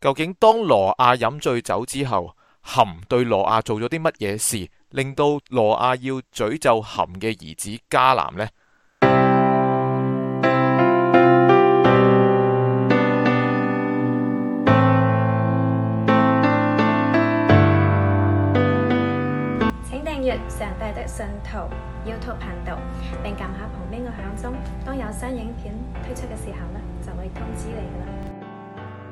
究竟當挪亞飲醉酒之後，含對挪亞做咗啲乜嘢事，令到挪亞要詛咒含嘅兒子迦南呢？請訂閱上帝的信徒 YouTube 頻道，並撳下旁邊嘅響鐘，當有新影片推出嘅時候呢，就會通知你噶啦。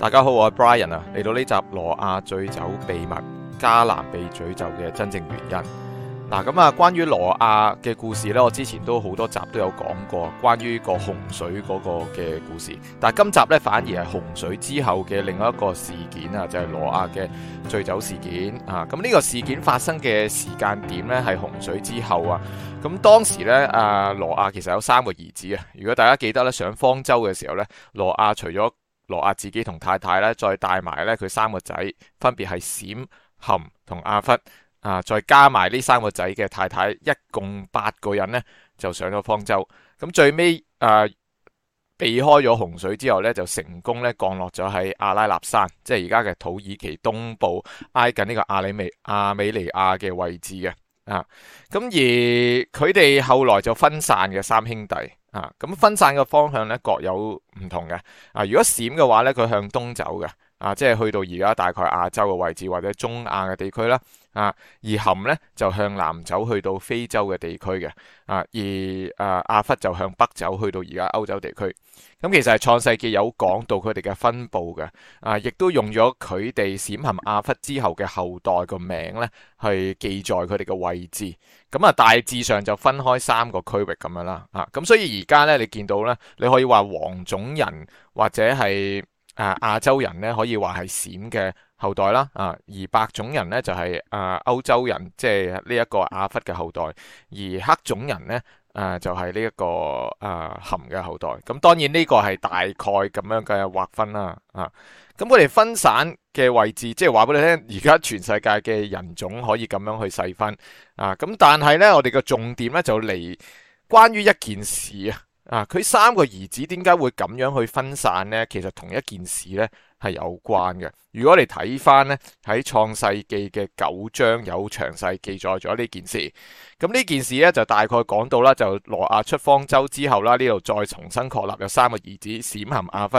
大家好，我係 Brian 啊，嚟到呢集挪亞醉酒秘密迦南被詛咒嘅真正原因。嗱，咁啊，關於挪亞嘅故事呢，我之前都好多集都有講過關於個洪水嗰個嘅故事，但係今集呢，反而係洪水之後嘅另外一個事件啊，就係挪亞嘅醉酒事件啊。咁呢個事件發生嘅時間點呢，係洪水之後啊。咁當時呢，啊，挪亞其實有三個兒子啊。如果大家記得咧，上方舟嘅時候呢，挪亞除咗挪亞自己同太太咧，再帶埋咧佢三個仔，分別係閃、含同雅弗啊，再加埋呢三個仔嘅太太，一共八個人咧就上咗方舟。咁、啊、最尾啊避開咗洪水之後咧，就成功咧降落咗喺阿拉納山，即係而家嘅土耳其東部挨近呢個阿里美亞美尼亞嘅位置嘅啊。咁而佢哋後來就分散嘅三兄弟。吓，咁、啊、分散嘅方向咧各有唔同嘅。啊，如果閃嘅話咧，佢向東走嘅。啊，即係去到而家大概亞洲嘅位置或者中亞嘅地區啦，啊，而含咧就向南走去到非洲嘅地區嘅，啊，而啊亞弗就向北走去到而家歐洲地區。咁其實係創世記有講到佢哋嘅分布嘅，啊，亦、啊、都用咗佢哋閃含亞弗之後嘅後代個名咧，去記載佢哋嘅位置。咁啊，啊，大致上就分開三個區域咁樣啦，啊，咁、啊、所以而家咧你見到咧，你可以話黃種人或者係。啊，亞洲人咧可以話係閃嘅後代啦，啊，而白種人咧就係、是、啊歐洲人，即係呢一個雅弗嘅後代，而黑種人咧啊就係呢一個啊含嘅後代。咁當然呢個係大概咁樣嘅劃分啦，啊，咁我哋分散嘅位置，即係話俾你聽，而家全世界嘅人種可以咁樣去細分，啊，咁但係咧我哋嘅重點咧就嚟關於一件事啊。啊！佢三個兒子點解會咁樣去分散呢？其實同一件事呢係有關嘅。如果你睇翻呢，喺創世記嘅九章有詳細記載咗呢件事。咁、嗯、呢件事呢，就大概講到啦，就挪亞出方舟之後啦，呢度再重新確立有三個兒子閃、含、阿弗。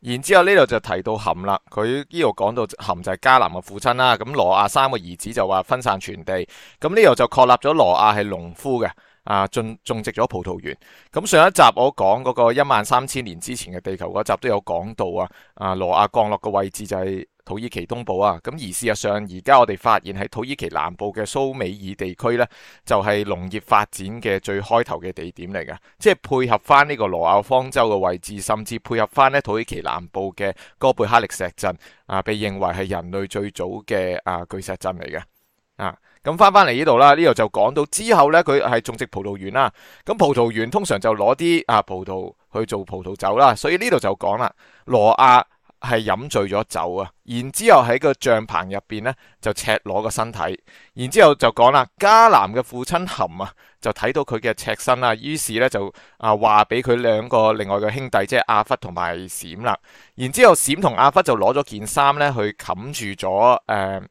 然之後呢度就提到含啦，佢呢度講到含就係迦南嘅父親啦。咁挪亞三個兒子就話分散全地。咁呢度就確立咗挪亞係農夫嘅。啊，種植咗葡萄園。咁上一集我講嗰個一萬三千年之前嘅地球嗰集都有講到啊。啊，挪亞降落嘅位置就係土耳其東部啊。咁、啊、而事實上，而家我哋發現喺土耳其南部嘅蘇美爾地區呢，就係、是、農業發展嘅最開頭嘅地點嚟噶。即係配合翻呢個挪亞方舟嘅位置，甚至配合翻呢土耳其南部嘅哥貝克力石陣啊，被認為係人類最早嘅啊巨石陣嚟嘅啊。咁翻翻嚟呢度啦，呢度就講到之後呢，佢係種植葡萄園啦。咁葡萄園通常就攞啲啊葡萄去做葡萄酒啦。所以呢度就講啦，挪亞係飲醉咗酒啊，然之後喺個帳棚入邊呢，就赤裸個身體，然之後就講啦，迦南嘅父親含啊就睇到佢嘅赤身啦，於是呢，就啊話俾佢兩個另外嘅兄弟即係雅弗同埋閃啦，然之後閃同雅弗就攞咗件衫呢，去冚住咗誒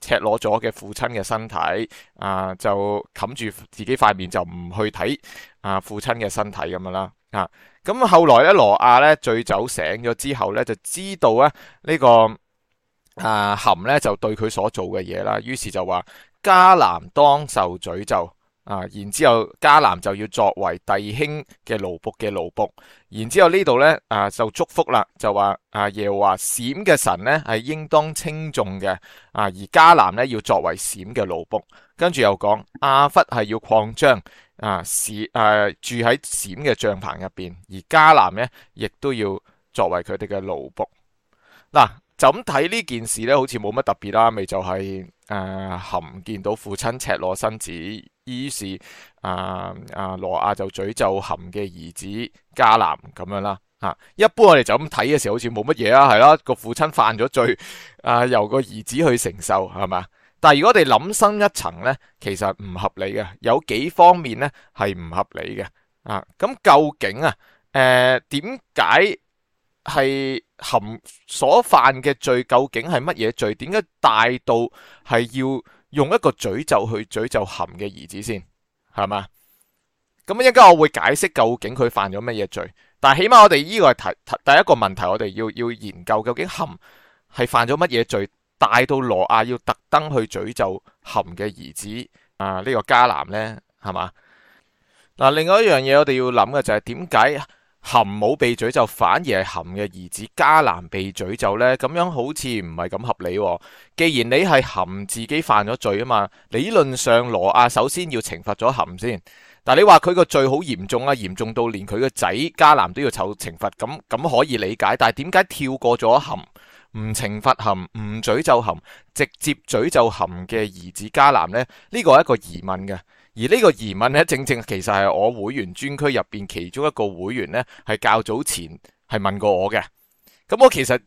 赤裸咗嘅父親嘅身、呃呃、身體，啊就冚住自己塊面就唔去睇啊父親嘅身體咁樣啦，啊咁後來咧挪亞咧醉酒醒咗之後咧就知道咧呢、這個啊、呃、含咧就對佢所做嘅嘢啦，於是就話迦南當受詛咒。啊，然之後迦南就要作為弟兄嘅奴僕嘅奴僕，然之後呢度呢，啊就祝福啦，就話啊耶和華閃嘅神呢係應當稱頌嘅啊，而迦南呢要作為閃嘅奴僕，跟住又講雅弗係要擴張啊，是誒、啊、住喺閃嘅帳篷入邊，而迦南呢亦都要作為佢哋嘅奴僕嗱。啊就咁睇呢件事咧，好似冇乜特別啦，咪就係、是、誒、呃、含見到父親赤裸，裸身子，於是、呃、啊啊挪亞就詛咒含嘅兒子迦南咁樣啦。嚇、啊，一般我哋就咁睇嘅時候好，好似冇乜嘢啦，係啦，個父親犯咗罪，啊由個兒子去承受係嘛？但係如果我哋諗深一層咧，其實唔合理嘅，有幾方面咧係唔合理嘅。啊，咁究竟啊誒點解？呃係含所犯嘅罪究竟係乜嘢罪？點解大到係要用一個詛咒去詛咒含嘅兒子先？係嘛？咁一陣間我會解釋究竟佢犯咗乜嘢罪？但係起碼我哋呢個係第第一個問題，我哋要要研究究竟含係犯咗乜嘢罪，大到羅亞要特登去詛咒含嘅兒子啊？呢、這個迦南呢，係嘛？嗱，另外一樣嘢我哋要諗嘅就係點解？含冇被詛咒，反而係含嘅兒子迦南被詛咒呢，咁樣好似唔係咁合理。既然你係含自己犯咗罪啊嘛，理論上挪亞首先要懲罰咗含先。但你話佢個罪好嚴重啊，嚴重到連佢個仔迦南都要受懲罰，咁咁可以理解。但係點解跳過咗含，唔懲罰含，唔詛咒含，直接詛咒含嘅兒子迦南呢，呢個係一個疑問嘅。而呢個疑問咧，正正其實係我會員專區入邊其中一個會員咧，係較早前係問過我嘅。咁、嗯、我其實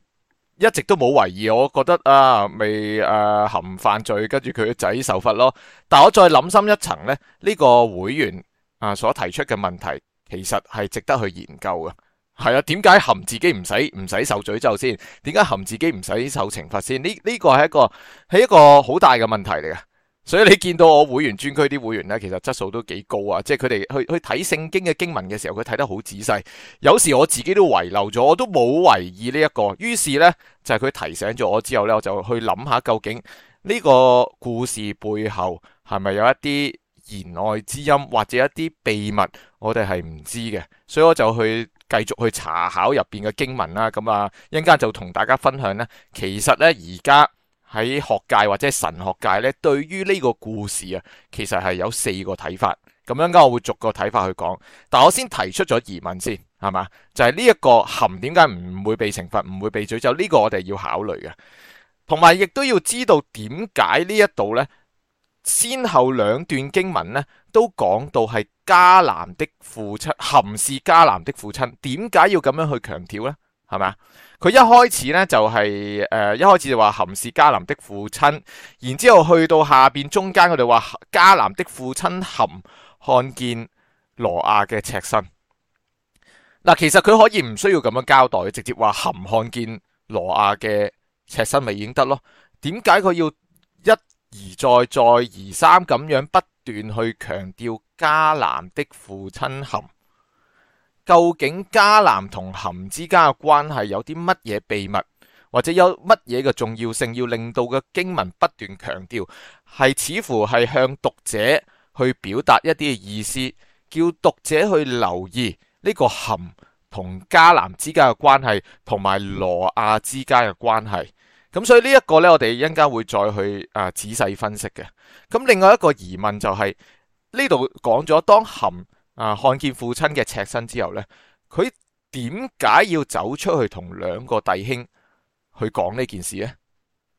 一直都冇懷疑，我覺得啊，未誒、啊、含犯罪，跟住佢嘅仔受罰咯。但我再諗深一層咧，呢、呢個會員啊所提出嘅問題，其實係值得去研究嘅。係啊，點解含自己唔使唔使受詛咒先？點解含自己唔使受懲罰先？呢呢、呢個係一個係一個好大嘅問題嚟嘅。所以你見到我會員專區啲會員呢，其實質素都幾高啊！即係佢哋去去睇聖經嘅經文嘅時候，佢睇得好仔細。有時我自己都遺留咗，我都冇留意呢、這、一個。於是呢，就係、是、佢提醒咗我之後呢，我就去諗下究竟呢個故事背後係咪有一啲言外之音，或者一啲秘密，我哋係唔知嘅。所以我就去繼續去查考入邊嘅經文啦。咁啊，一陣間就同大家分享呢，其實呢，而家。喺學界或者神學界咧，對於呢個故事啊，其實係有四個睇法。咁樣，我會逐個睇法去講。但我先提出咗疑問先，係嘛？就係呢一個含點解唔會被懲罰、唔會被詛咒？呢個我哋要考慮嘅，同埋亦都要知道點解呢一度呢，先後兩段經文呢，都講到係迦南的父親，含是迦南的父親，點解要咁樣去強調呢？係嘛？佢一開始咧就係、是、誒、呃、一開始就話含是迦南的父親，然之後去到下邊中間，我哋話迦南的父親含看見挪亞嘅赤身。嗱、呃，其實佢可以唔需要咁樣交代，直接話含看見挪亞嘅赤身咪已經得咯。點解佢要一而再、再而三咁樣不斷去強調迦南的父親含？究竟迦南同含之間嘅關係有啲乜嘢秘密，或者有乜嘢嘅重要性，要令到嘅經文不斷強調，係似乎係向讀者去表達一啲嘅意思，叫讀者去留意呢個含同迦南之間嘅關係，同埋挪亞之間嘅關係。咁所以呢一個呢，我哋一陣間會再去啊、呃、仔細分析嘅。咁另外一個疑問就係呢度講咗當含。啊！看見父親嘅赤身之後呢，佢點解要走出去同兩個弟兄去講呢件事咧？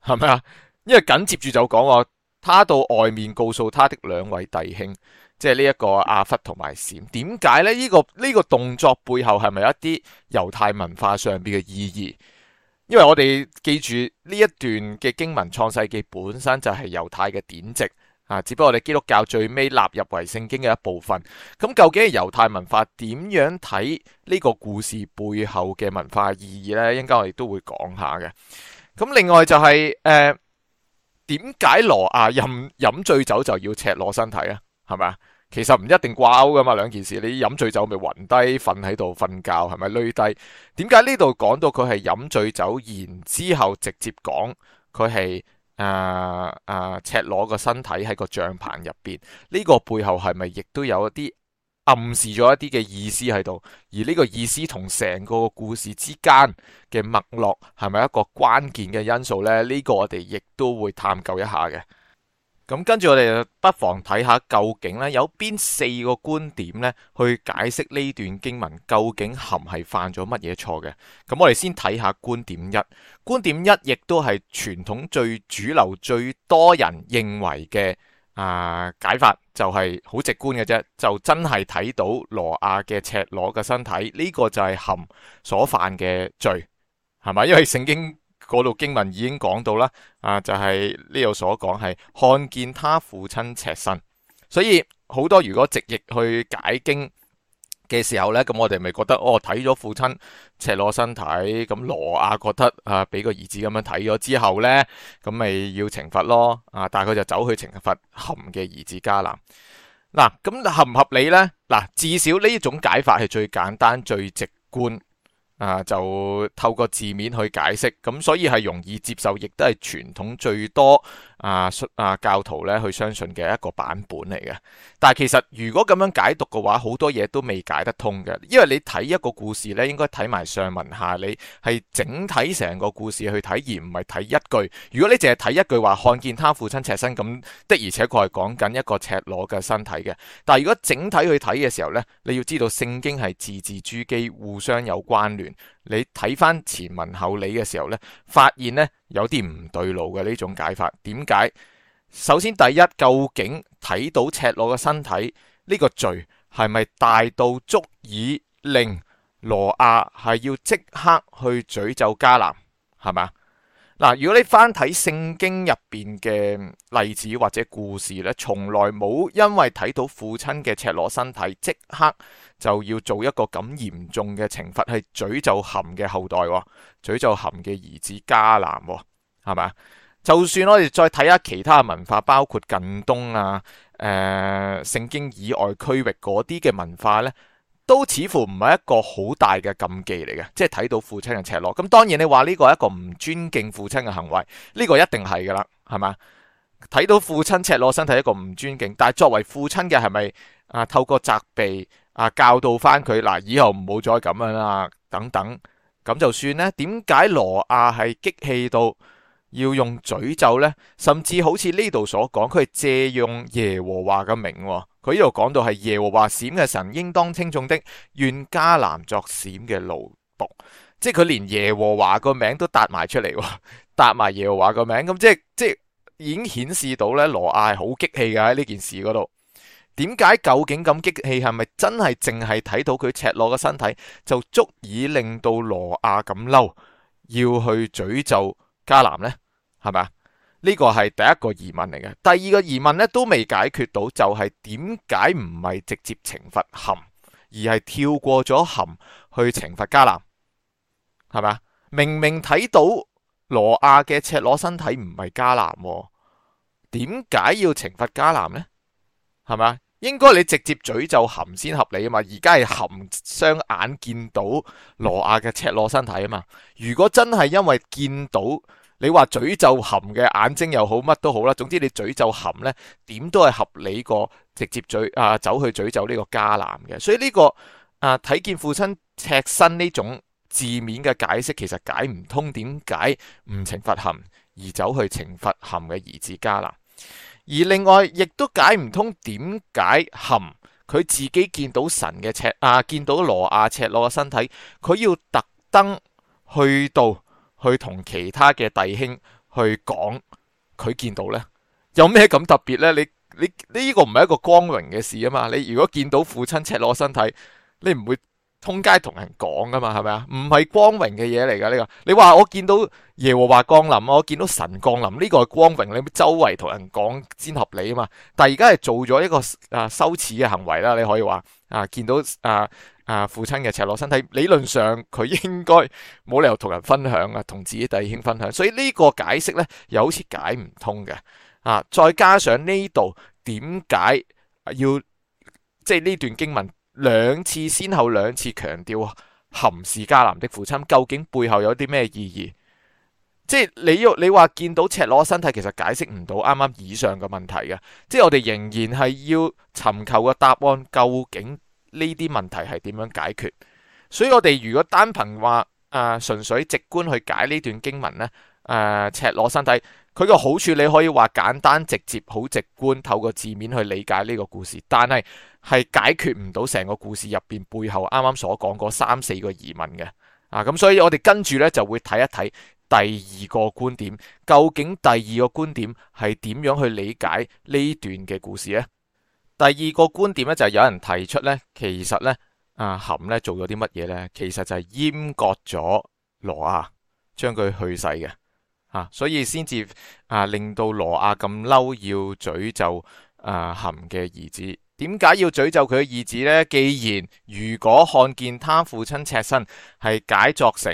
係咪啊？因為緊接住就講我，他到外面告訴他的兩位弟兄，即係呢一個雅弗同埋閃，點解咧？呢、呢個呢、呢個動作背後係咪一啲猶太文化上邊嘅意義？因為我哋記住呢一段嘅經文《創世記》本身就係猶太嘅典籍。啊！只不過我哋基督教最尾納入為聖經嘅一部分，咁究竟係猶太文化點樣睇呢個故事背後嘅文化意義呢？應該我哋都會講下嘅。咁另外就係、是、誒，點解挪亞飲醉酒就要赤裸身體啊？係咪啊？其實唔一定掛鈎噶嘛，兩件事，你飲醉酒咪暈低瞓喺度瞓覺，係咪累低？點解呢度講到佢係飲醉酒，然之後直接講佢係？啊啊、呃呃，赤裸個身體喺個帳棚入邊，呢個背後係咪亦都有一啲暗示咗一啲嘅意思喺度？而呢個意思同成個故事之間嘅脈絡係咪一個關鍵嘅因素呢？呢個我哋亦都會探究一下嘅。咁跟住我哋就不妨睇下究竟咧有邊四個觀點咧去解釋呢段經文究竟含係犯咗乜嘢錯嘅？咁我哋先睇下觀點一，觀點一亦都係傳統最主流最多人認為嘅啊解法，就係好直觀嘅啫，就真係睇到挪亞嘅赤裸嘅身體，呢個就係含所犯嘅罪係咪？因為聖經。嗰度經文已經講到啦，啊，就係呢度所講係看見他父親赤身，所以好多如果直譯去解經嘅時候呢，咁我哋咪覺得哦，睇咗父親赤裸身體，咁挪亞覺得啊，俾個兒子咁樣睇咗之後呢，咁咪要懲罰咯，啊，但係佢就走去懲罰含嘅兒子迦南，嗱、啊，咁合唔合理呢？嗱、啊，至少呢一種解法係最簡單、最直觀。啊，就透過字面去解釋，咁所以係容易接受，亦都係傳統最多。啊，信、啊、教徒咧，去相信嘅一個版本嚟嘅。但係其實如果咁樣解讀嘅話，好多嘢都未解得通嘅。因為你睇一個故事咧，應該睇埋上文下理，係整體成個故事去睇，而唔係睇一句。如果你淨係睇一句話，看見他父親赤身，咁的而且確係講緊一個赤裸嘅身體嘅。但係如果整體去睇嘅時候呢，你要知道聖經係字字珠璣，互相有關聯。你睇翻前文後理嘅時候咧，發現咧有啲唔對路嘅呢種解法。點解？首先第一，究竟睇到赤裸嘅身體呢個罪係咪大到足以令挪亞係要即刻去詛咒迦南？係咪？嗱，如果你翻睇聖經入邊嘅例子或者故事呢，從來冇因為睇到父親嘅赤裸身體，即刻就要做一個咁嚴重嘅懲罰，係詛咒含嘅後代，詛咒含嘅兒子迦南，係咪？就算我哋再睇下其他文化，包括近東啊，誒、呃，聖經以外區域嗰啲嘅文化呢。都似乎唔係一個好大嘅禁忌嚟嘅，即係睇到父親嘅赤裸。咁當然你話呢個係一個唔尊敬父親嘅行為，呢個一定係噶啦，係嘛？睇到父親赤裸身體一個唔尊敬，但係作為父親嘅係咪啊？透過責備啊，教導翻佢嗱，以後唔好再咁樣啦，等等咁就算呢，點解挪亞係激氣到？要用詛咒呢，甚至好似呢度所講，佢係借用耶和華嘅名。佢呢度講到係耶和華閃嘅神，應當稱重的，願迦南作閃嘅奴僕，即係佢連耶和華個名都搭埋出嚟，搭埋耶和華個名。咁即係即係已經顯示到咧，挪亞係好激氣嘅喺呢件事嗰度。點解究竟咁激氣？係咪真係淨係睇到佢赤裸嘅身體就足以令到挪亞咁嬲，要去詛咒迦南呢？係咪啊？呢個係第一個疑問嚟嘅。第二個疑問呢都未解決到，就係點解唔係直接懲罰含，而係跳過咗含去懲罰迦南？係咪啊？明明睇到挪亞嘅赤裸身體唔係迦南，點解要懲罰迦南呢？係咪啊？應該你直接詛咒含先合理啊嘛。而家係含雙眼見到挪亞嘅赤裸身體啊嘛。如果真係因為見到，你話詛咒含嘅眼睛又好，乜都好啦。總之你詛咒含呢，點都係合理過直接詛啊，走去詛咒呢個迦南嘅。所以呢個啊睇見父親赤身呢種字面嘅解釋，其實解唔通點解唔懲罰含，而走去懲罰含嘅兒子迦南。而另外亦都解唔通點解含佢自己見到神嘅赤啊，見到挪亞赤裸嘅身體，佢要特登去到。去同其他嘅弟兄去講，佢見到呢？有咩咁特別呢？你你呢個唔係一個光榮嘅事啊嘛！你如果見到父親赤裸裸身體，你唔會通街同人講噶嘛？係咪啊？唔係光榮嘅嘢嚟噶呢個？你話我見到耶和華降臨，我見到神降臨呢個係光榮，你周圍同人講先合理啊嘛？但係而家係做咗一個啊羞恥嘅行為啦，你可以話啊見到啊。啊！父親嘅赤裸身體，理論上佢應該冇理由同人分享啊，同自己弟兄分享，所以呢個解釋呢，又好似解唔通嘅啊！再加上呢度點解要即係呢段經文兩次先後兩次強調含是迦南的父親，究竟背後有啲咩意義？即係你要你話見到赤裸身體，其實解釋唔到啱啱以上嘅問題嘅，即係我哋仍然係要尋求個答案究竟。呢啲問題係點樣解決？所以我哋如果單憑話誒、呃、純粹直觀去解呢段經文呢誒、呃、赤裸身體佢個好處你可以話簡單直接好直觀，透過字面去理解呢個故事，但係係解決唔到成個故事入邊背後啱啱所講嗰三四個疑問嘅啊！咁所以我哋跟住呢就會睇一睇第二個觀點，究竟第二個觀點係點樣去理解呢段嘅故事呢？第二個觀點咧就係有人提出咧，其實咧啊，含咧做咗啲乜嘢咧？其實就係閹割咗挪亞，將佢去勢嘅啊，所以先至啊令到挪亞咁嬲，要詛咒啊含嘅兒子。點解要詛咒佢嘅兒子咧？既然如果看見他父親赤身係解作成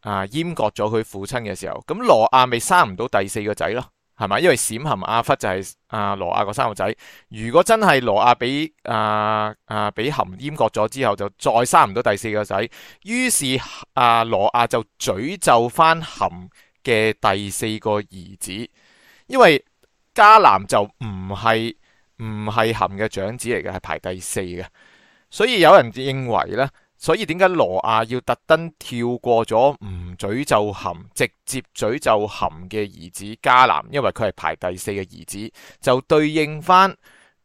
啊閹割咗佢父親嘅時候，咁挪亞咪生唔到第四個仔咯？係咪？因為閃含雅弗就係、是、阿、啊、挪亞個三個仔。如果真係挪亞俾阿阿俾含閹割咗之後，就再生唔到第四個仔。於是阿、啊、挪亞就詛咒翻含嘅第四個兒子，因為迦南就唔係唔係含嘅長子嚟嘅，係排第四嘅。所以有人認為咧。所以點解挪亞要特登跳過咗唔詛咒含，直接詛咒含嘅兒子迦南？因為佢係排第四嘅兒子，就對應翻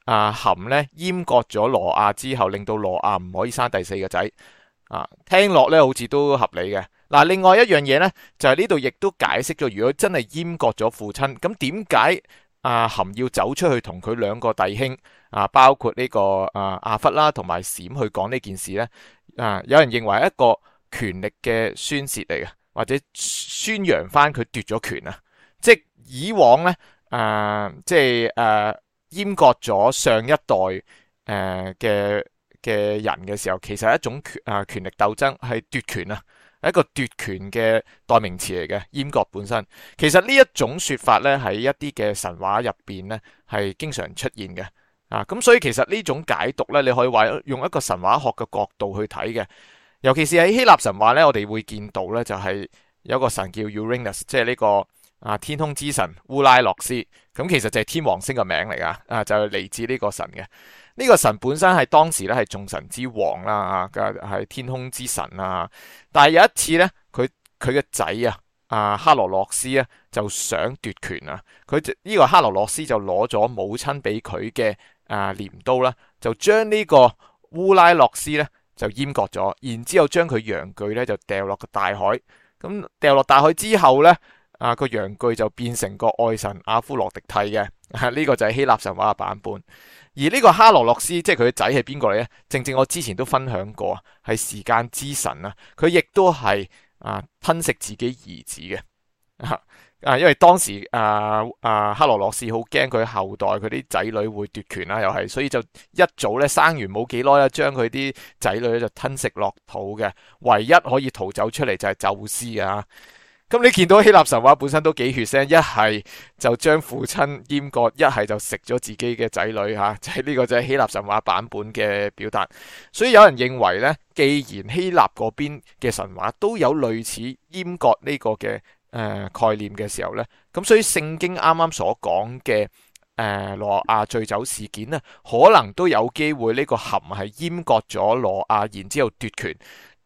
啊、呃、含呢。閹割咗挪亞之後，令到挪亞唔可以生第四個仔。啊，聽落呢好似都合理嘅。嗱、啊，另外一樣嘢呢，就係呢度亦都解釋咗，如果真係閹割咗父親，咁點解？阿、啊、含要走出去同佢兩個弟兄啊，包括呢、呢個啊雅弗啦同埋閃去講呢件事咧啊。有人認為一個權力嘅宣泄嚟嘅，或者宣揚翻佢奪咗權啊。即係以往咧啊，即係誒閹割咗上一代誒嘅嘅人嘅時候，其實係一種權啊權力鬥爭係奪權啊。一個奪權嘅代名詞嚟嘅，閹割本身其實呢一種說法咧，喺一啲嘅神話入邊咧係經常出現嘅，啊咁所以其實呢種解讀咧，你可以話用一個神話學嘅角度去睇嘅，尤其是喺希臘神話咧，我哋會見到咧就係、是、有一個神叫 Uranus，即係呢個啊天空之神烏拉諾斯，咁、啊、其實就係天王星嘅名嚟噶，啊就係、是、嚟自呢個神嘅。呢個神本身係當時咧係眾神之王啦，吓係天空之神啦。但係有一次咧，佢佢嘅仔啊，阿克羅洛斯啊，就想奪權啊。佢呢個克羅洛斯就攞咗，這個，母親俾佢嘅啊鐮刀啦，就將呢個烏拉洛斯咧就閹割咗，然之後將佢陽具咧就掉落個大海。咁掉落大海之後咧。啊個陽具就變成個愛神阿芙洛狄忒嘅，呢、啊呢個就係希臘神話嘅版本。而呢個哈羅洛斯即係佢嘅仔係邊個嚟咧？正正我之前都分享過，係時間之神啦、啊。佢亦都係啊吞食自己兒子嘅啊，啊因為當時啊啊哈羅洛斯好驚佢後代佢啲仔女會奪權啦、啊，又係所以就一早咧生完冇幾耐咧，將佢啲仔女就吞食落肚嘅。唯一可以逃走出嚟就係宙斯啊！咁你見到希臘神話本身都幾血腥，一係就將父親閹割，一係就食咗自己嘅仔女吓，就係呢個就係希臘神話版本嘅表達。所以有人認為呢，既然希臘嗰邊嘅神話都有類似閹割呢個嘅誒、呃、概念嘅時候呢，咁所以聖經啱啱所講嘅誒挪亞醉酒事件呢，可能都有機會呢個含係閹割咗挪亞，然之後奪權。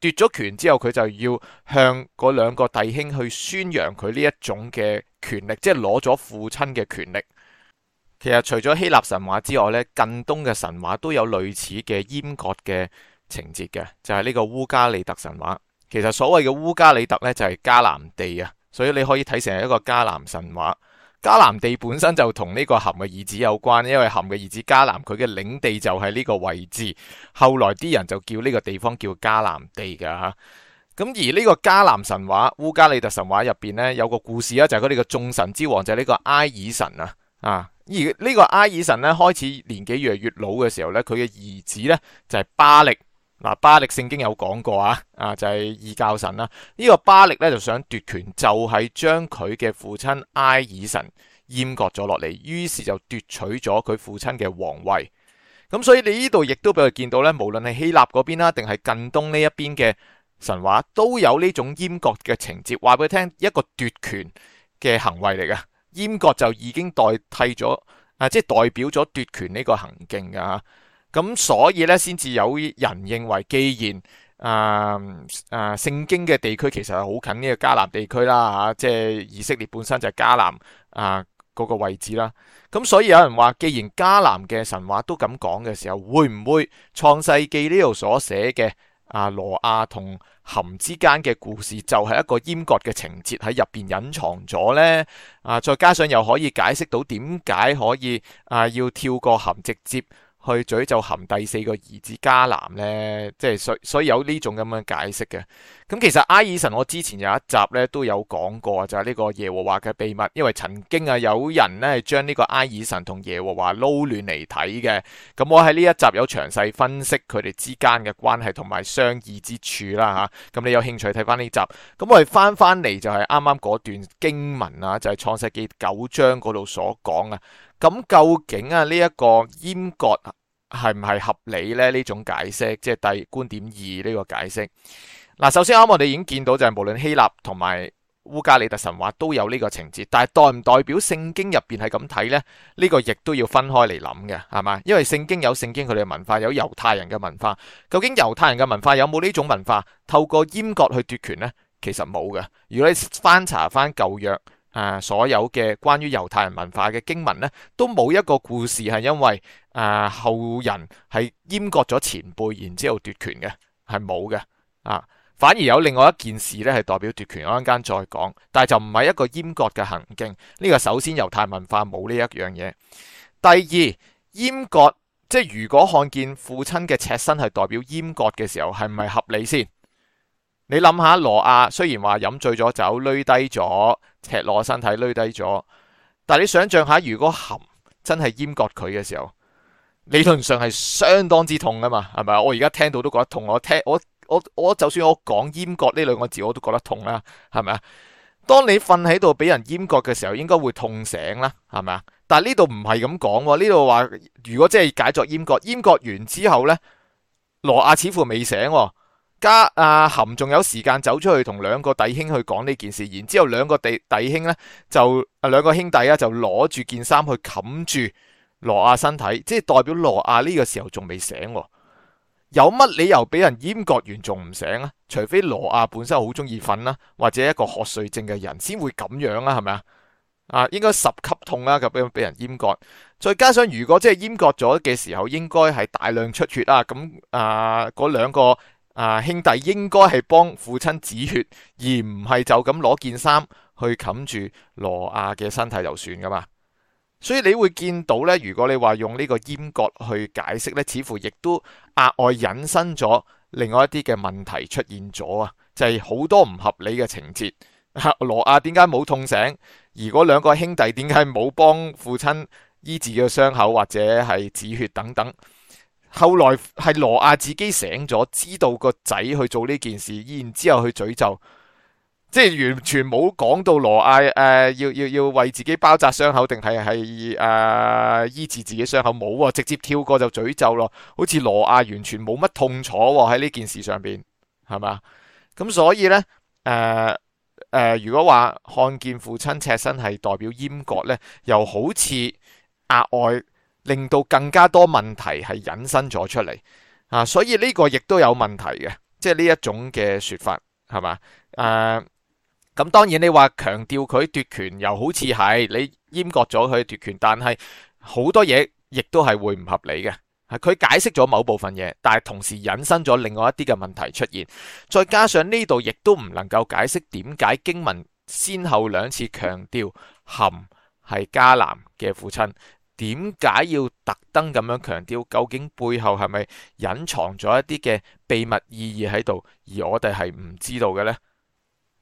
奪咗權之後，佢就要向嗰兩個弟兄去宣揚佢呢一種嘅權力，即係攞咗父親嘅權力。其實除咗希臘神話之外咧，近東嘅神話都有類似嘅閹割嘅情節嘅，就係呢個烏加里特神話。其實所謂嘅烏加里特呢，就係迦南地啊，所以你可以睇成係一個迦南神話。迦南地本身就同呢個含嘅兒子有關，因為含嘅兒子迦南佢嘅領地就係呢個位置，後來啲人就叫呢個地方叫迦南地噶吓。咁而呢個迦南神話烏加里特神話入邊呢，有個故事啊，就係佢哋嘅眾神之王就係呢個埃爾神啊啊，而呢個埃爾神呢，開始年紀越嚟越老嘅時候呢，佢嘅兒子呢，就係巴力。嗱，巴力聖經有講過啊，啊就係、是、二教神啦。呢、這個巴力咧就想奪權，就係將佢嘅父親埃爾神閹割咗落嚟，於是就奪取咗佢父親嘅皇位。咁所以你呢度亦都俾佢見到咧，無論係希臘嗰邊啦，定係近東呢一邊嘅神話，都有呢種閹割嘅情節。話俾佢聽，一個奪權嘅行為嚟噶，閹割就已經代替咗啊，即係代表咗奪權呢個行徑嘅咁所以咧，先至有人認為，既然啊啊聖經嘅地區其實係好近呢個迦南地區啦，吓、啊、即係以色列本身就係迦南啊嗰、那個位置啦。咁、啊、所以有人話，既然迦南嘅神話都咁講嘅時候，會唔會創世記呢度所寫嘅啊挪亞同含之間嘅故事就係一個閹割嘅情節喺入邊隱藏咗呢？啊，再加上又可以解釋到點解可以啊要跳過含直接。去嘴就含第四個兒子迦南呢，即係所所以有呢種咁樣解釋嘅。咁其實埃爾神我之前有一集呢都有講過，就係呢個耶和華嘅秘密，因為曾經啊有人呢將呢個埃爾神同耶和華撈亂嚟睇嘅。咁我喺呢一集有詳細分析佢哋之間嘅關係同埋相異之處啦吓。咁，啊，你有興趣睇翻呢集？咁我哋翻翻嚟就係啱啱嗰段經文啊，就係，是，創世記九章嗰度所講啊。咁究竟啊呢一，這個閹割？係唔係合理呢？呢種解釋即係第觀點二呢個解釋嗱。首先，啱我哋已經見到就係、是、無論希臘同埋烏加里特神話都有呢個情節，但係代唔代表聖經入邊係咁睇呢？呢、呢個亦都要分開嚟諗嘅係嘛？因為聖經有聖經佢哋嘅文化，有猶太人嘅文化。究竟猶太人嘅文化有冇呢種文化透過閹割去奪權呢？其實冇嘅。如果你翻查翻舊約。誒、啊，所有嘅關於猶太人文化嘅經文呢，都冇一個故事係因為誒、啊、後人係閹割咗前輩，然之後奪權嘅，係冇嘅。啊，反而有另外一件事呢，係代表奪權，一陣間再講。但係就唔係一個閹割嘅行徑。呢、這個首先猶太文化冇呢一樣嘢。第二，閹割即係如果看見父親嘅赤身係代表閹割嘅時候，係唔係合理先？你諗下挪亞雖然話飲醉咗酒，攞低咗。赤裸身體攣低咗，但係你想象下，如果含真係閹割佢嘅時候，理論上係相當之痛噶嘛，係咪啊？我而家聽到都覺得痛，我聽我我我就算我講閹割呢兩個字，我都覺得痛啦，係咪啊？當你瞓喺度俾人閹割嘅時候，應該會痛醒啦，係咪啊？但係呢度唔係咁講喎，呢度話如果真係解作閹割，閹割完之後呢，挪亞似乎未醒。家阿、啊、含仲有時間走出去同兩個弟兄去講呢件事，然之後兩個弟弟兄咧，就啊兩個兄弟啊就攞住件衫去冚住羅亞身體，即係代表羅亞呢個時候仲未醒。啊。有乜理由俾人閹割完仲唔醒啊？除非羅亞本身好中意瞓啦，或者一個瞌睡症嘅人先會咁樣啦、啊，係咪啊？啊，應該十級痛啦、啊，咁樣俾人閹割。再加上如果即係閹割咗嘅時候，應該係大量出血啊，咁啊嗰兩個。啊，兄弟應該係幫父親止血，而唔係就咁攞件衫去冚住挪亞嘅身體就算噶嘛。所以你會見到咧，如果你話用呢個閹割去解釋咧，似乎亦都額外引申咗另外一啲嘅問題出現咗啊，就係好多唔合理嘅情節。挪亞點解冇痛醒？而嗰兩個兄弟點解冇幫父親醫治嘅傷口或者係止血等等？後來係挪亞自己醒咗，知道個仔去做呢件事，然之後去詛咒，即係完全冇講到挪亞誒，要要要為自己包紮傷口，定係係誒醫治自己傷口，冇啊、哦，直接跳過就詛咒咯。好似挪亞完全冇乜痛楚喺、哦、呢件事上邊係嘛？咁所以呢，誒、呃、誒、呃，如果話看見父親赤身係代表閹割呢，又好似額外。令到更加多問題係引申咗出嚟啊，所以呢個亦都有問題嘅，即係呢一種嘅説法係嘛？誒咁、呃、當然你話強調佢奪權，又好似係你閹割咗佢奪權，但係好多嘢亦都係會唔合理嘅。係佢解釋咗某部分嘢，但係同時引申咗另外一啲嘅問題出現，再加上呢度亦都唔能夠解釋點解經文先後兩次強調含係迦南嘅父親。點解要特登咁樣強調？究竟背後係咪隱藏咗一啲嘅秘密意義喺度，而我哋係唔知道嘅呢？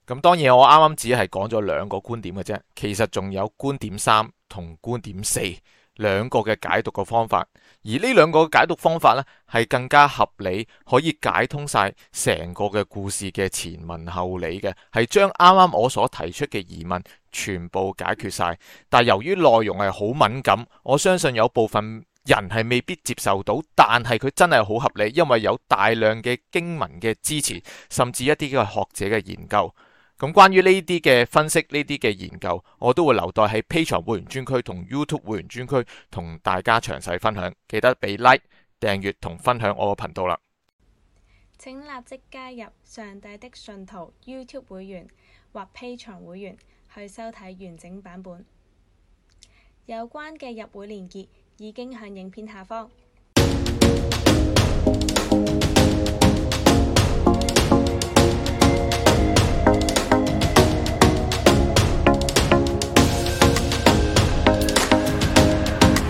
咁當然，我啱啱只係講咗兩個觀點嘅啫，其實仲有觀點三同觀點四。兩個嘅解讀嘅方法，而呢兩個解讀方法呢，係更加合理，可以解通晒成個嘅故事嘅前文後理嘅，係將啱啱我所提出嘅疑問全部解決晒。但由於內容係好敏感，我相信有部分人係未必接受到，但係佢真係好合理，因為有大量嘅經文嘅支持，甚至一啲嘅學者嘅研究。咁關於呢啲嘅分析，呢啲嘅研究，我都會留待喺 Patreon 會員專區同 YouTube 會員專區同大家詳細分享。記得俾 like、訂閱同分享我嘅頻道啦！請立即加入上帝的信徒 YouTube 會員或 Patreon 會員去收睇完整版本。有關嘅入會連結已經喺影片下方。